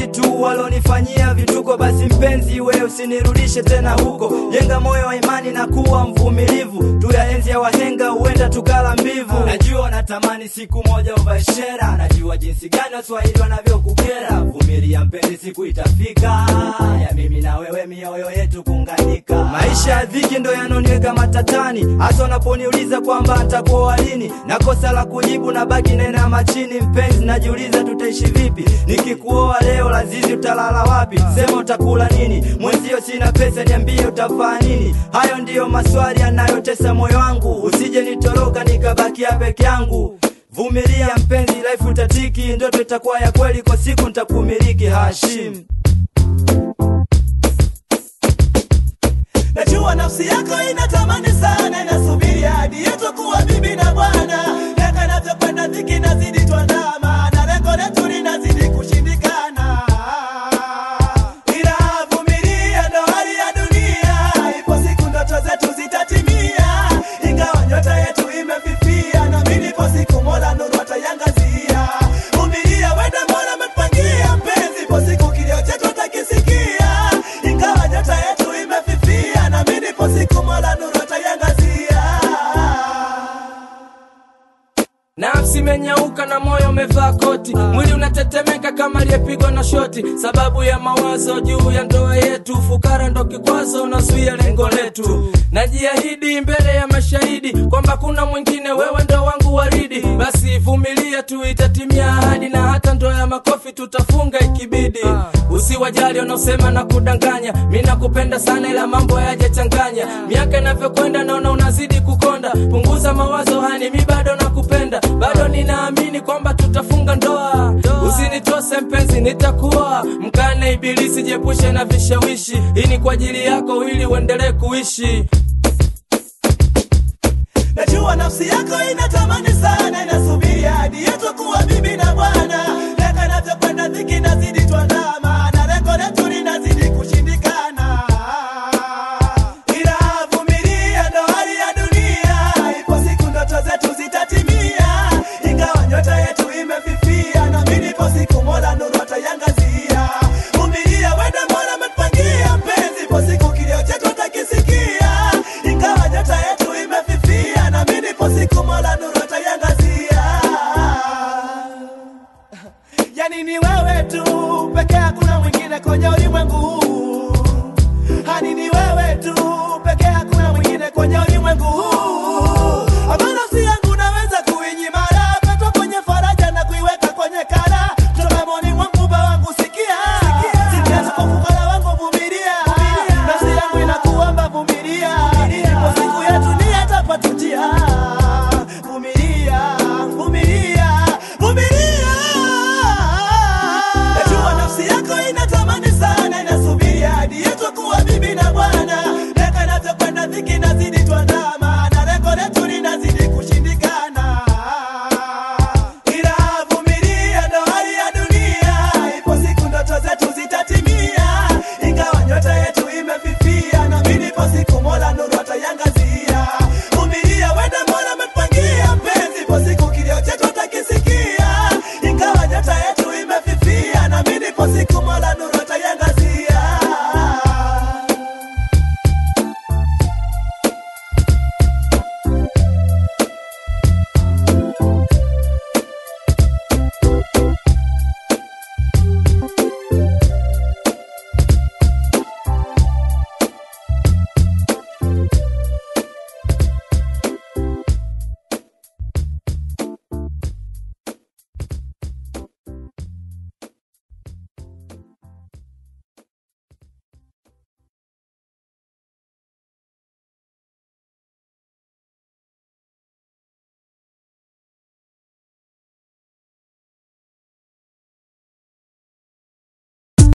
kitu walonifanyia vituko, basi mpenzi we usinirudishe tena huko. Jenga moyo wa imani na kuwa mvumilivu, tuyaenzi ya wahenga, huenda tukala mbivu Najua natamani siku moja ubashera, najua jinsi gani waswahili wanavyokukera. Vumilia mpenzi, siku itafika ya mimi na wewe mioyo yetu kuunganika. Maisha ya dhiki ndo yanoniweka matatani, hasa unaponiuliza kwamba nitakuoa lini, na kosa la kujibu na baki nena machini. Mpenzi, najiuliza tutaishi vipi? Nikikuoa leo, lazizi utalala wapi? Sema utakula nini? Mwenzio sina pesa, niambie utafaa nini? Hayo ndiyo maswali yanayotesa moyo wangu, usije nitoroka nikabaki hapa peke yangu vumilia mpenzi life utatiki ndoto itakuwa ya kweli kwa siku nitakumiliki hashim najua nafsi yako inatamani sana inasubiri hadi yetu kuwa bibi na bwana miaka navyokwenda dhiki nazidi twandama Nafsi imenyauka na moyo umevaa koti, mwili unatetemeka kama aliyepigwa na shoti, sababu ya mawazo juu ya ndoa yetu. Fukara ndo kikwazo unazuia lengo letu. Najiahidi mbele ya mashahidi kwamba kuna mwingine, wewe ndo wangu waridi. Basi vumilia tu, itatimia ahadi, na hata ndoa ya makofi tutafunga ikibidi. Usiwajali wanaosema na kudanganya, mi nakupenda sana, ila mambo hayajachanganya. Miaka inavyokwenda naona unazidi kukonda, punguza mawazo hani, mi bado nakupenda kupenda, bado ninaamini kwamba tutafunga ndoa. Usinitose mpenzi, nitakuwa Mkane ibilisi, jepushe na vishawishi. Hii ni kwa ajili yako ili uendelee kuishi. Najua nafsi yako hakuna wengine kwenye ulimwengu.